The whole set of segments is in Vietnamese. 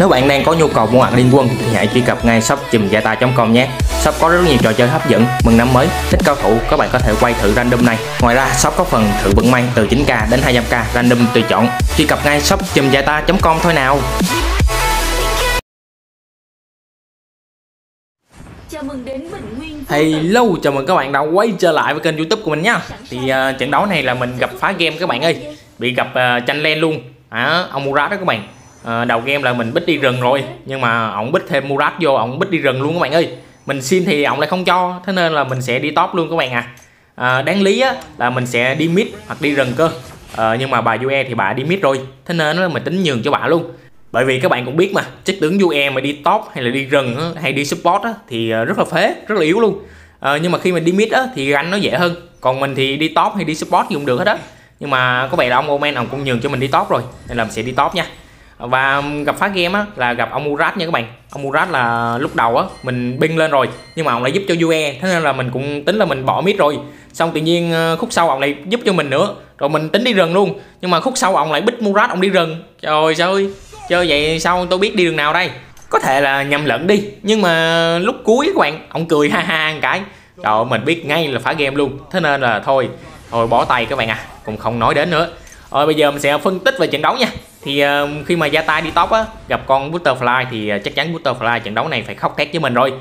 Nếu bạn đang có nhu cầu mua hàng liên quân thì hãy truy cập ngay shop chùm com nhé. Shop có rất nhiều trò chơi hấp dẫn, mừng năm mới, thích cao thủ các bạn có thể quay thử random này. Ngoài ra shop có phần thử vận may từ 9k đến 200k random tùy chọn. Truy cập ngay shop chùm com thôi nào. lâu chào mừng các bạn đã quay trở lại với kênh youtube của mình nha Thì uh, trận đấu này là mình gặp phá game các bạn ơi Bị gặp uh, ờ, tranh len luôn à, Ông Murat đó các bạn Ờ, đầu game là mình bích đi rừng rồi nhưng mà ổng bích thêm Murat vô ổng bích đi rừng luôn các bạn ơi mình xin thì ổng lại không cho thế nên là mình sẽ đi top luôn các bạn à, à đáng lý á, là mình sẽ đi mid hoặc đi rừng cơ à, nhưng mà bà UE thì bà đi mid rồi thế nên là mình tính nhường cho bà luôn bởi vì các bạn cũng biết mà chất tướng UE mà đi top hay là đi rừng hay đi support á, thì rất là phế rất là yếu luôn à, nhưng mà khi mà đi mid á, thì gánh nó dễ hơn còn mình thì đi top hay đi support thì cũng được hết á nhưng mà có vẻ là ông Omen ông cũng nhường cho mình đi top rồi nên là mình sẽ đi top nha và gặp phá game á là gặp ông Murat nha các bạn ông Murat là lúc đầu á mình binh lên rồi nhưng mà ông lại giúp cho UE thế nên là mình cũng tính là mình bỏ mid rồi xong tự nhiên ờ, khúc sau ông lại giúp cho mình nữa rồi mình tính đi rừng luôn nhưng mà khúc sau ông lại bích Murat ông đi rừng trời ơi chơi vậy sao tôi biết đi đường nào đây có thể là nhầm lẫn đi nhưng mà lúc cuối các bạn ông cười ha ha cái trời ơi, mình biết ngay là phá game luôn thế nên là thôi thôi bỏ tay các bạn à cũng không nói đến nữa rồi bây giờ mình sẽ phân tích về trận đấu nha thì uh, khi mà gia tay đi top á gặp con butterfly thì ờ, chắc chắn butterfly trận đấu này phải khóc thét với mình rồi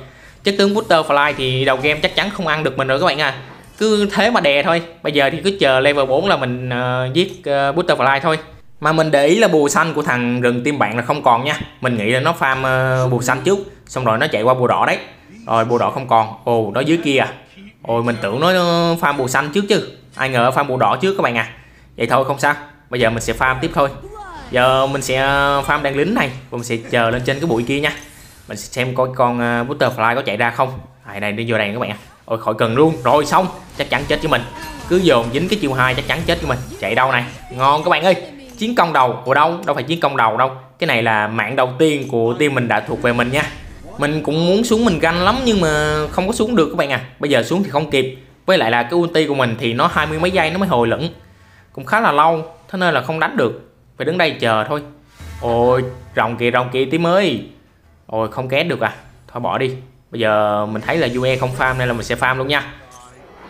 chất tướng butterfly thì đầu game chắc chắn không ăn được mình rồi các bạn à cứ thế mà đè thôi bây giờ thì cứ chờ level 4 là mình uh, giết uh, butterfly thôi mà mình để ý là bùa xanh của thằng rừng tim bạn là không còn nha mình nghĩ là nó farm uh, bùa xanh trước xong rồi nó chạy qua bùa đỏ đấy rồi bùa đỏ không còn ồ nó dưới kia à ôi mình tưởng nó farm bùa xanh trước chứ ai ngờ farm bùa đỏ trước các bạn à vậy thôi không sao bây giờ mình sẽ farm tiếp thôi giờ mình sẽ ờ, farm đang lính này và mình sẽ chờ lên trên cái bụi kia nha mình sẽ xem coi con ờ, butterfly có chạy ra không này này đi vô đàn các bạn ôi khỏi cần luôn rồi xong chắc chắn chết với mình cứ dồn dính cái chiều hai chắc chắn chết với mình chạy đâu này ngon các bạn ơi chiến công đầu của đâu đâu phải chiến công đầu đâu cái này là mạng đầu tiên của team mình đã thuộc về mình nha mình cũng muốn xuống mình ganh lắm nhưng mà không có xuống được các bạn à bây giờ xuống thì không kịp với lại là cái ulti của mình thì nó hai mươi mấy giây nó mới hồi lẫn cũng khá là lâu thế nên là không đánh được phải đứng đây chờ thôi ôi rồng kìa rồng kìa tím ơi ôi không két được à thôi bỏ đi bây giờ mình thấy là UE không farm nên là mình sẽ farm luôn nha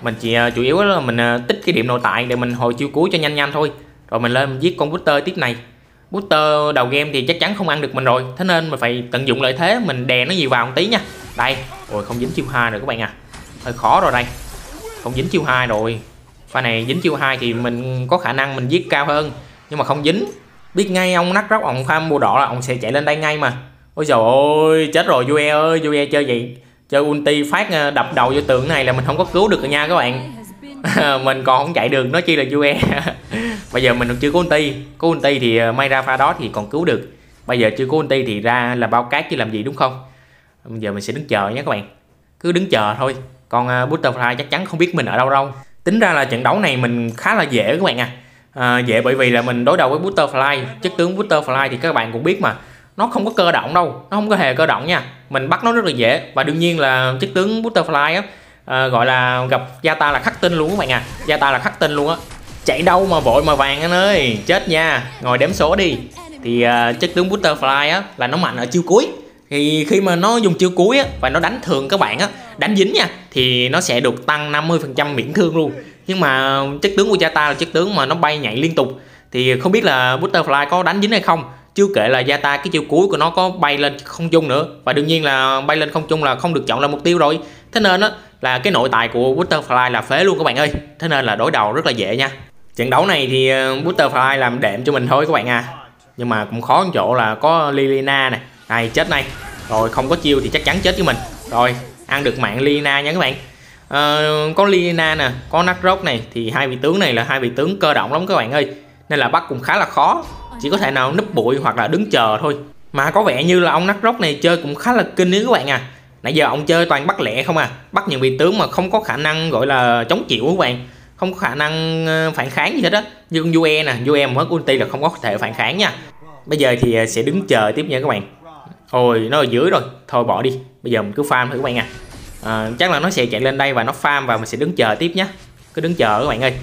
mình chỉ ờ, chủ yếu là mình ờ, tích cái điểm nội tại để mình hồi chiêu cuối cho nhanh nhanh thôi rồi mình lên mình giết con booster tiếp này booster đầu game thì chắc chắn không ăn được mình rồi thế nên mình phải tận dụng lợi thế mình đè nó nhiều vào một tí nha đây ôi không dính chiêu hai rồi các bạn à hơi khó rồi đây không dính chiêu hai rồi pha này dính chiêu hai thì mình có khả năng mình giết cao hơn nhưng mà không dính biết ngay ông nắc róc ông pha mua đỏ là ông sẽ chạy lên đây ngay mà ôi trời ơi chết rồi Yue ơi Yue chơi vậy chơi ulti phát ờ, đập đầu vô tượng này là mình không có cứu được rồi nha các bạn mình còn không chạy được nói chi là Yue bây giờ mình chưa có ulti có ulti thì ờ, may ra pha đó thì còn cứu được bây giờ chưa có ulti thì ra là bao cát chứ làm gì đúng không bây giờ mình sẽ đứng chờ nhé các bạn cứ đứng chờ thôi còn ờ, butterfly chắc chắn không biết mình ở đâu đâu tính ra là trận đấu này mình khá là dễ các bạn à, à dễ bởi vì là mình đối đầu với Butterfly chất tướng Butterfly thì các bạn cũng biết mà nó không có cơ động đâu nó không có hề cơ động nha mình bắt nó rất là dễ và đương nhiên là chất tướng Butterfly á à, gọi là gặp gia ta là khắc tinh luôn các bạn à gia ta là khắc tinh luôn á chạy đâu mà vội mà vàng anh ơi chết nha ngồi đếm số đi thì uh, chất tướng Butterfly á là nó mạnh ở chiêu cuối thì khi mà nó dùng chiêu cuối á và nó đánh thường các bạn á đánh dính nha thì nó sẽ được tăng 50% miễn thương luôn nhưng mà chất tướng của gia ta là chất tướng mà nó bay nhảy liên tục thì không biết là Butterfly có đánh dính hay không chưa kể là gia ta cái chiêu cuối của nó có bay lên không chung nữa và đương nhiên là bay lên không chung là không được chọn là mục tiêu rồi thế nên á là cái nội tại của Butterfly là phế luôn các bạn ơi thế nên là đối đầu rất là dễ nha trận đấu này thì ờ, Butterfly làm đệm cho mình thôi các bạn à nhưng mà cũng khó chỗ là có Lilina này này chết này rồi không có chiêu thì chắc chắn chết với mình rồi ăn được mạng Lina nha các bạn à, có Lina nè có Nakrok này thì hai vị tướng này là hai vị tướng cơ động lắm các bạn ơi nên là bắt cũng khá là khó chỉ có thể nào núp bụi hoặc là đứng chờ thôi mà có vẻ như là ông Nakrok này chơi cũng khá là kinh đấy các bạn à nãy giờ ông chơi toàn bắt lẹ không à bắt những vị tướng mà không có khả năng gọi là chống chịu các bạn không có khả năng ờ, phản kháng gì hết á như con UE nè UE mà mất ulti là không có thể phản kháng nha bây giờ thì ờ, sẽ đứng chờ tiếp nha các bạn Ôi nó ở dưới rồi Thôi bỏ đi Bây giờ mình cứ farm thử các bạn nha à Chắc là nó sẽ chạy lên đây và nó farm và mình sẽ đứng chờ tiếp nhé Cứ đứng chờ các bạn ơi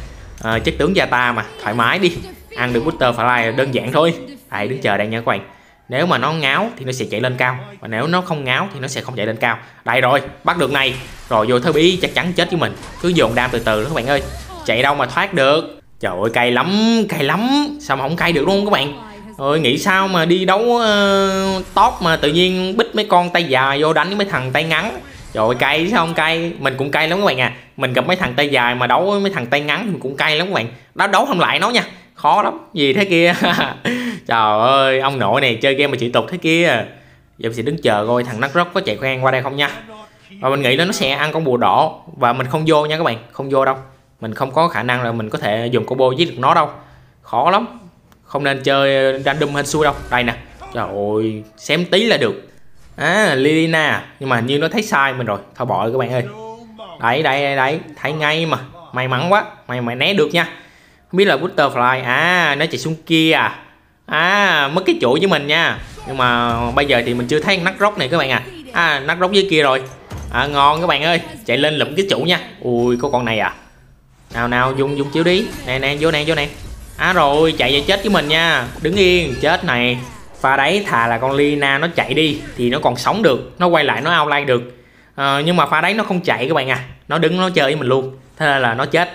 à, Chất tướng gia ta mà Thoải mái đi Ăn được Butterfly là đơn giản thôi hãy đứng chờ đây nha các bạn nếu mà nó ngáo thì nó sẽ chạy lên cao và nếu nó không ngáo thì nó sẽ không chạy lên cao đây rồi bắt được này rồi vô thơ bí chắc chắn chết với mình cứ dồn đam từ từ đó các bạn ơi chạy đâu mà thoát được trời ơi cay lắm cay lắm sao mà không cay được luôn các bạn rồi nghĩ sao mà đi đấu uh, top mà tự nhiên bích mấy con tay dài vô đánh mấy thằng tay ngắn trời ơi cay sao không cay mình cũng cay lắm các bạn à mình gặp mấy thằng tay dài mà đấu với mấy thằng tay ngắn mình cũng cay lắm các bạn đó đấu không lại nó nha khó lắm gì thế kia trời ơi ông nội này chơi game mà chỉ tục thế kia giờ mình sẽ đứng chờ coi thằng nắc rớt có chạy khoan qua đây không nha và mình nghĩ là nó sẽ ăn con bùa đỏ và mình không vô nha các bạn không vô đâu mình không có khả năng là mình có thể dùng combo giết được nó đâu khó lắm không nên chơi random hên xui đâu đây nè trời ơi xém tí là được à Lilina nhưng mà như nó thấy sai mình rồi thôi bỏ rồi các bạn ơi đấy đấy đấy thấy ngay mà may mắn quá mày mày né được nha không biết là butterfly à nó chạy xuống kia à à mất cái chỗ với mình nha nhưng mà bây giờ thì mình chưa thấy nắc rốc này các bạn à à nắc rốc dưới kia rồi à ngon các bạn ơi chạy lên lụm cái chủ nha ui có con này à nào nào dùng dùng chiếu đi nè nè vô nè vô nè À rồi chạy về chết với mình nha Đứng yên chết này Pha đấy thà là con Lina nó chạy đi Thì nó còn sống được Nó quay lại nó outline được à, Nhưng mà pha đấy nó không chạy các bạn à Nó đứng nó chơi với mình luôn Thế nên là nó chết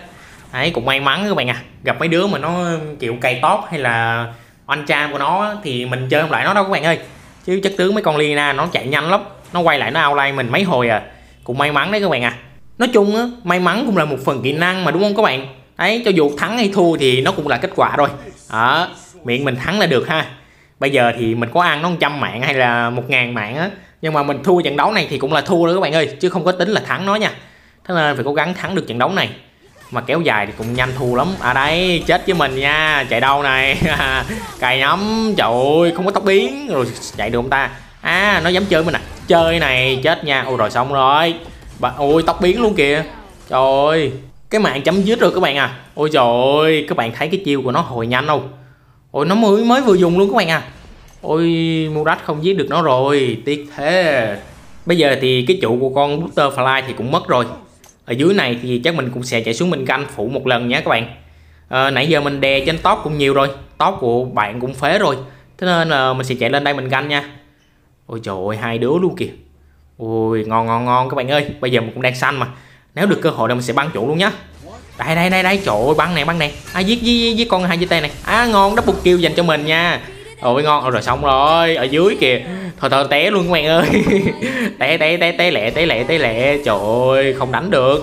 Đấy cũng may mắn các bạn à Gặp mấy đứa mà nó kiểu cày tóp hay là anh trang của nó thì mình chơi không lại nó đâu các bạn ơi Chứ chất tướng mấy con Lina nó chạy nhanh lắm Nó quay lại nó outline mình mấy hồi à Cũng may mắn đấy các bạn à Nói chung á, may mắn cũng là một phần kỹ năng mà đúng không các bạn ấy cho dù thắng hay thua thì nó cũng là kết quả rồi đó miệng mình thắng là được ha bây giờ thì mình có ăn nó 100 mạng hay là một ngàn mạng á nhưng mà mình thua trận đấu này thì cũng là thua đó các bạn ơi chứ không có tính là thắng nó nha thế nên phải cố gắng thắng được trận đấu này mà kéo dài thì cũng nhanh thua lắm à đấy chết với mình nha chạy đâu này cài nhắm trời ơi không có tóc biến rồi chạy được ông ta à nó dám chơi mình à chơi này chết nha ôi rồi xong rồi ôi tóc biến luôn kìa trời ơi cái màn chấm dứt rồi các bạn à ôi trời ơi các bạn thấy cái chiêu của nó hồi nhanh không ôi nó mới mới vừa dùng luôn các bạn à ôi Murat không giết được nó rồi tiếc thế bây giờ thì cái trụ của con Butterfly thì cũng mất rồi ở dưới này thì chắc mình cũng sẽ chạy xuống mình canh phụ một lần nhé các bạn à, nãy giờ mình đè trên tóc cũng nhiều rồi tóc của bạn cũng phế rồi thế nên là mình sẽ chạy lên đây mình canh nha ôi trời ơi hai đứa luôn kìa ôi ngon ngon ngon các bạn ơi bây giờ mình cũng đang xanh mà nếu được cơ hội là mình sẽ băng trụ luôn nhá đây đây đây đây trời ơi băng này băng này ai à, giết với với con hai dây tay này à ngon double kill dành cho mình nha ôi ngon rồi xong rồi ở dưới kìa thôi thôi té luôn các bạn ơi té té té té lẹ té lẹ té lẹ trời ơi không đánh được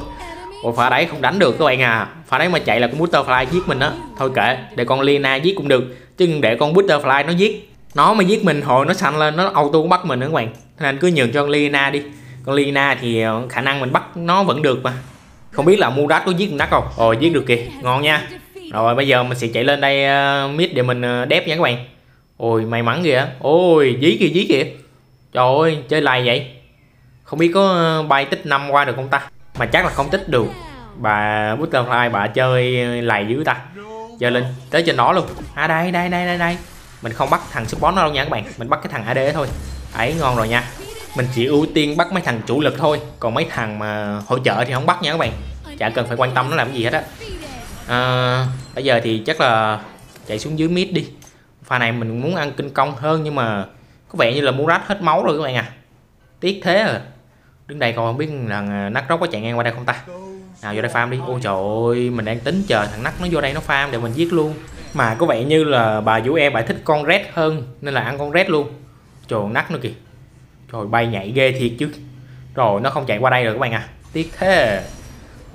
ôi pha đấy không đánh được các bạn à pha đấy mà chạy là con butterfly giết mình á thôi kệ để con lina giết cũng được chứ để con butterfly nó giết nó mà giết mình hồi nó xanh lên nó auto bắt mình nữa các bạn nên cứ nhường cho con lina đi con Lina thì ờ, khả năng mình bắt nó vẫn được mà không biết là Murat có giết nát không rồi ờ, giết được kìa ngon nha rồi bây giờ mình sẽ chạy lên đây uh, mid để mình uh, đép nha các bạn ôi may mắn kìa ôi dí kìa dí kìa trời ơi chơi lại vậy không biết có bay tích năm qua được không ta mà chắc là không tích được bà butterfly bà chơi lầy dữ ta giờ lên tới trên đó luôn à đây đây đây đây đây mình không bắt thằng support nó đâu nha các bạn mình bắt cái thằng ad thôi ấy ngon rồi nha mình chỉ ưu tiên bắt mấy thằng chủ lực thôi còn mấy thằng mà hỗ trợ thì không bắt nha các bạn chả cần phải quan tâm nó làm gì hết á à, bây giờ thì chắc là chạy xuống dưới mid đi pha này mình muốn ăn kinh công hơn nhưng mà có vẻ như là muốn rách hết máu rồi các bạn à tiếc thế à đứng đây còn không biết là nắc rốc có chạy ngang qua đây không ta nào vô đây farm đi ôi trời ơi mình đang tính chờ thằng nắc nó vô đây nó farm để mình giết luôn mà có vẻ như là bà vũ em bà thích con red hơn nên là ăn con red luôn trời nắc nữa kìa rồi bay nhảy ghê thiệt chứ Rồi nó không chạy qua đây rồi các bạn à Tiếc thế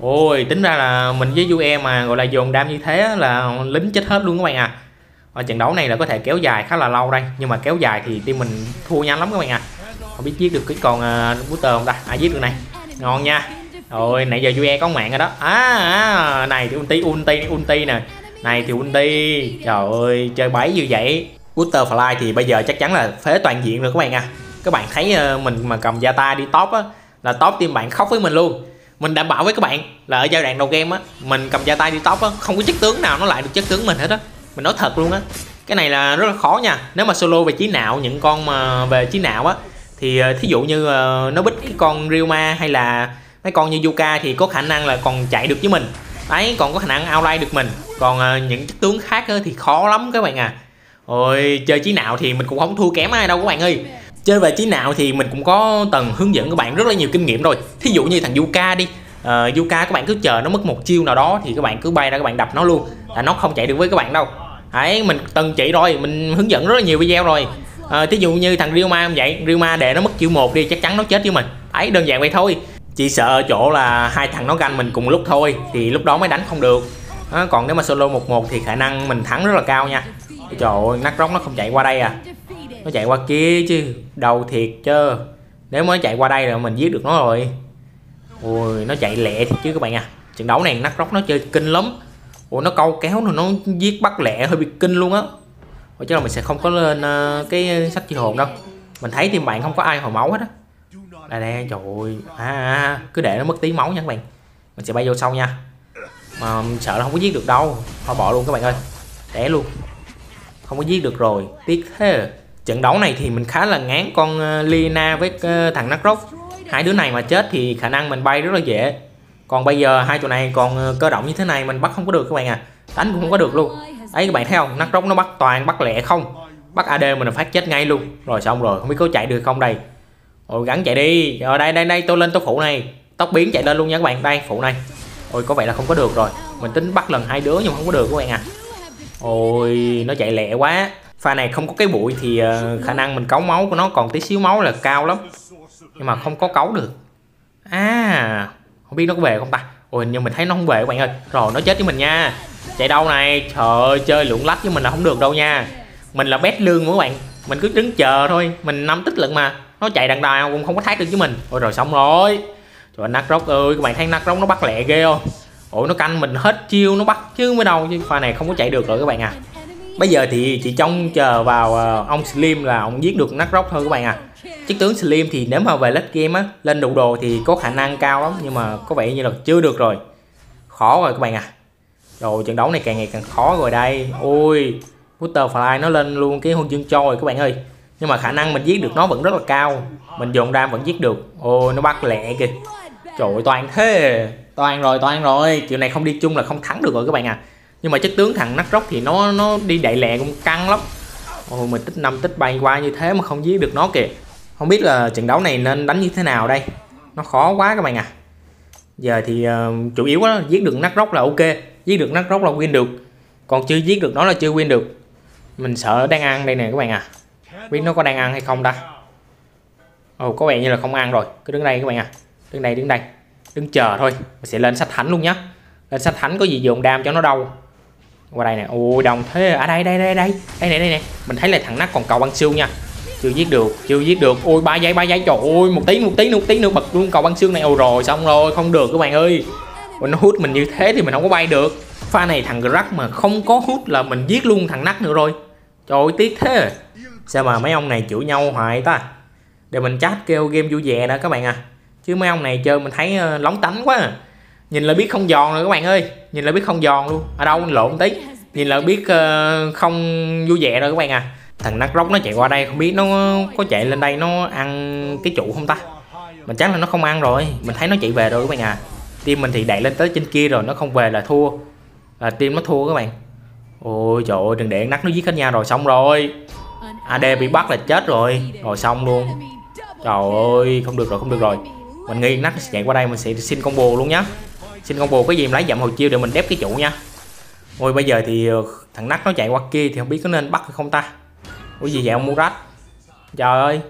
Ôi tính ra là mình với UE mà gọi là dồn đam như thế là lính chết hết luôn các bạn à và trận đấu này là có thể kéo dài khá là lâu đây Nhưng mà kéo dài thì team mình thua nhanh lắm các bạn à Không biết giết được cái con uh, booster không ta ai à, giết được này Ngon nha Rồi nãy giờ UE có mạng rồi đó À, à này thì ulti ulti ulti nè Này thì ulti Trời ơi chơi bẫy như vậy Booster Fly thì bây giờ chắc chắn là phế toàn diện rồi các bạn à các bạn thấy ờ, mình mà cầm da ta đi top á là top team bạn khóc với mình luôn mình đảm bảo với các bạn là ở giai đoạn đầu game á mình cầm da tay đi top á không có chất tướng nào nó lại được chất tướng mình hết á mình nói thật luôn á cái này là rất là khó nha nếu mà solo về trí não những con mà về trí não á thì ờ, thí dụ như ờ, nó bích cái con Ryuma hay là mấy con như Yuka thì có khả năng là còn chạy được với mình ấy còn có khả năng outline được mình còn những chất tướng khác thì khó lắm các bạn à ôi chơi trí não thì mình cũng không thua kém ai đâu các bạn ơi chơi về trí nào thì mình cũng có tầng hướng dẫn các bạn rất là nhiều kinh nghiệm rồi thí dụ như thằng Yuka đi uh, Yuka các bạn cứ chờ nó mất một chiêu nào đó thì các bạn cứ bay ra các bạn đập nó luôn là nó không chạy được với các bạn đâu ấy mình từng chỉ rồi mình hướng dẫn rất là nhiều video rồi à, thí dụ như thằng Ryuma cũng vậy Ryuma để nó mất chiêu một đi chắc chắn nó chết với mình ấy đơn giản vậy thôi chỉ sợ ở chỗ là hai thằng nó ganh mình cùng lúc thôi thì lúc đó mới đánh không được à, còn nếu mà solo một một thì khả năng mình thắng rất là cao nha trời ơi nắc róc nó không chạy qua đây à nó chạy qua kia chứ đầu thiệt chứ nếu mới chạy qua đây là mình giết được nó rồi ui nó chạy lẹ thiệt chứ các bạn à trận đấu này nắc róc nó chơi kinh lắm ủa nó câu kéo rồi nó giết bắt lẹ hơi bị kinh luôn á ủa chứ là mình sẽ không có lên uh, cái sách chi hồn đâu mình thấy thì bạn không có ai hồi máu hết á đây đây trời ơi à, à, à, cứ để nó mất tí máu nha các bạn mình sẽ bay vô sau nha mà sợ nó không có giết được đâu thôi bỏ luôn các bạn ơi để luôn không có giết được rồi tiếc thế trận đấu này thì mình khá là ngán con ờ, Lina với ờ, thằng Nakrok hai đứa này mà chết thì khả năng mình bay rất là dễ còn bây giờ hai chỗ này còn ờ, cơ động như thế này mình bắt không có được các bạn à đánh cũng không có được luôn ấy các bạn thấy không Nakrok nó bắt toàn bắt lẹ không bắt AD mình là phát chết ngay luôn rồi xong rồi không biết có chạy được không đây rồi gắn chạy đi rồi đây đây đây tôi lên tôi phụ này tóc biến chạy lên luôn nha các bạn đây phụ này ôi có vẻ là không có được rồi mình tính bắt lần hai đứa nhưng mà không có được các bạn à ôi nó chạy lẹ quá pha này không có cái bụi thì uh, khả năng mình cấu máu của nó còn tí xíu máu là cao lắm nhưng mà không có cấu được à không biết nó có về không ta ôi nhưng mình thấy nó không về các bạn ơi rồi nó chết với mình nha chạy đâu này trời ơi chơi lượn lách với mình là không được đâu nha mình là bét lương của các bạn mình cứ đứng chờ thôi mình năm tích lận mà nó chạy đằng đài cũng không có thác được với mình ôi rồi xong rồi trời nát rốc ơi các bạn thấy nát rốc nó bắt lẹ ghê không ủa nó canh mình hết chiêu nó bắt chứ mới đâu chứ pha này không có chạy được rồi các bạn à bây giờ thì chỉ trông chờ vào ờ, ông slim là ông giết được nát rốc thôi các bạn à chiếc tướng slim thì nếu mà về late game á lên đủ đồ thì có khả năng cao lắm nhưng mà có vẻ như là chưa được rồi khó rồi các bạn à rồi trận đấu này càng ngày càng khó rồi đây ôi butterfly nó lên luôn cái huân chương trôi các bạn ơi nhưng mà khả năng mình giết được nó vẫn rất là cao mình dồn ra vẫn giết được ôi nó bắt lẹ kìa trời ơi toàn thế toàn rồi toàn rồi kiểu này không đi chung là không thắng được rồi các bạn à nhưng mà chất tướng thằng nắc rốc thì nó nó đi đại lẹ cũng căng lắm ôi mình tích năm tích bay qua như thế mà không giết được nó kìa không biết là trận đấu này nên đánh như thế nào đây nó khó quá các bạn à giờ thì uh, chủ yếu đó, giết được nắc rốc là ok giết được nắc rốc là win được còn chưa giết được nó là chưa win được mình sợ đang ăn đây nè các bạn à biết nó có đang ăn hay không ta ồ có vẻ như là không ăn rồi cứ đứng đây các bạn à đứng đây đứng đây đứng chờ thôi mình sẽ lên sách thánh luôn nhé lên sách thánh có gì dồn đam cho nó đâu qua đây nè ui đồng thế ở à, đây đây đây đây đây này đây nè mình thấy là thằng nắc còn cầu băng xương nha chưa giết được chưa giết được ui ba giây ba giây trời ơi một tí một tí một tí nữa bật luôn cầu băng xương này ồ rồi xong rồi không được các bạn ơi mình nó hút mình như thế thì mình không có bay được pha này thằng Grug mà không có hút là mình giết luôn thằng nắc nữa rồi trời ơi tiếc thế sao mà mấy ông này chửi nhau hoài ta để mình chat kêu game vui vẻ đó các bạn à chứ mấy ông này chơi mình thấy ờ, lóng tánh quá à nhìn là biết không giòn rồi các bạn ơi nhìn là biết không giòn luôn ở đâu lộn tí nhìn là biết ờ, không vui vẻ rồi các bạn à thằng nắc rốc nó chạy qua đây không biết nó có chạy lên đây nó ăn cái trụ không ta mình chắc là nó không ăn rồi mình thấy nó chạy về rồi các bạn à team mình thì đẩy lên tới trên kia rồi nó không về là thua là team nó thua các bạn ôi trời ơi đừng để nắc nó giết hết nha rồi xong rồi ad bị bắt là chết rồi rồi xong luôn trời ơi không được rồi không được rồi mình nghĩ nắc sẽ chạy qua đây mình sẽ xin combo luôn nhé xin combo cái gì em lấy dậm hồi chiêu để mình đép cái trụ nha ôi bây giờ thì ờ, thằng nắc nó chạy qua kia thì không biết có nên bắt hay không ta ôi gì vậy ông murat trời ơi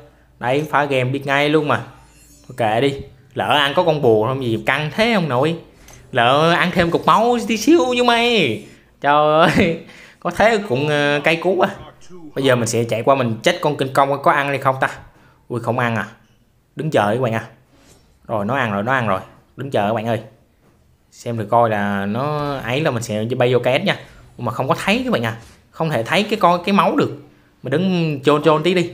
đấy phá game biết ngay luôn mà thôi kệ đi lỡ ăn có con bùa không gì căng thế ông nội lỡ ăn thêm cục máu tí xíu như mày trời ơi có thế cũng ờ, cay cú à bây giờ mình sẽ chạy qua mình chết con kinh công có ăn hay không ta ui không ăn à đứng chờ các bạn à rồi nó ăn rồi nó ăn rồi đứng chờ các bạn ơi xem được coi là nó ấy là mình sẽ bay vô két nha mà không có thấy các bạn à không thể thấy cái con cái máu được mình đứng chôn chôn tí đi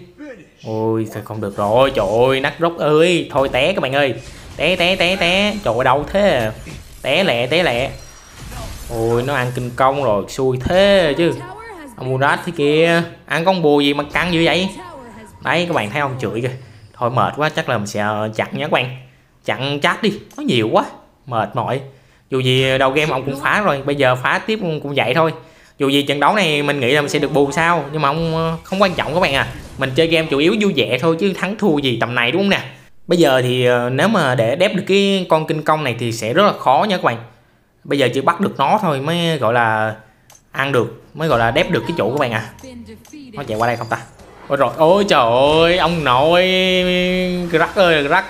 ôi thôi không được rồi trời ơi nắc rốc ơi thôi té các bạn ơi té té té té trời ơi đâu thế té lẹ té lẹ ôi nó ăn kinh công rồi xui thế chứ Amurat thế kia ăn con bùa gì mà căng dữ vậy đấy các bạn thấy không chửi kìa thôi mệt quá chắc là mình sẽ ờ, chặn nhé các bạn chặn chát đi có nhiều quá mệt mỏi dù gì đầu game ông cũng phá rồi bây giờ phá tiếp cũng vậy thôi dù gì trận đấu này mình nghĩ là mình sẽ được bù sao nhưng mà ông ờ, không quan trọng các bạn à mình chơi game chủ yếu vui vẻ thôi chứ thắng thua gì tầm này đúng không nè bây giờ thì ờ, nếu mà để đép được cái con kinh công này thì sẽ rất là khó nha các bạn bây giờ chỉ bắt được nó thôi mới gọi là ăn được mới gọi là đép được cái chỗ các bạn à nó chạy qua đây không ta ôi rồi ôi trời ơi ông nội rắc ơi rắc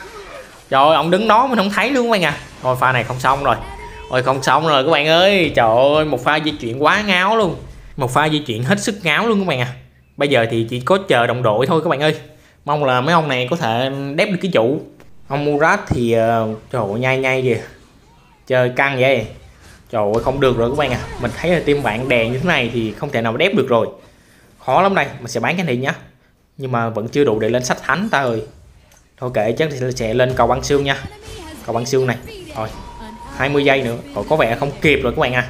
trời ơi ông đứng đó mình không thấy luôn các bạn à rồi pha này không xong rồi Ôi không xong rồi các bạn ơi Trời ơi một pha di chuyển quá ngáo luôn Một pha di chuyển hết sức ngáo luôn các bạn à Bây giờ thì chỉ có chờ đồng đội thôi các bạn ơi Mong là mấy ông này có thể đép được cái chủ Ông Murat thì uh, trời ơi nhai nhai kìa Chơi căng vậy Trời ơi không được rồi các bạn à Mình thấy là team bạn đèn như thế này thì không thể nào đép được rồi Khó lắm đây Mình sẽ bán cái này nhá Nhưng mà vẫn chưa đủ để lên sách thánh ta ơi Thôi kệ chắc thì sẽ lên cầu băng xương nha Cầu băng xương này Rồi 20 giây nữa Ủa, có vẻ không kịp rồi các bạn à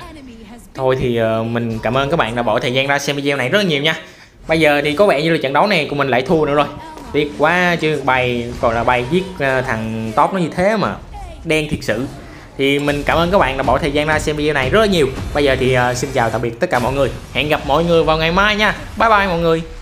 Thôi thì uh, mình cảm ơn các bạn đã bỏ thời gian ra xem video này rất là nhiều nha Bây giờ thì có vẻ như là trận đấu này của mình lại thua nữa rồi Tiếc quá chứ bài còn là bài giết uh, thằng top nó như thế mà Đen thiệt sự Thì mình cảm ơn các bạn đã bỏ thời gian ra xem video này rất là nhiều Bây giờ thì uh, xin chào tạm biệt tất cả mọi người Hẹn gặp mọi người vào ngày mai nha Bye bye mọi người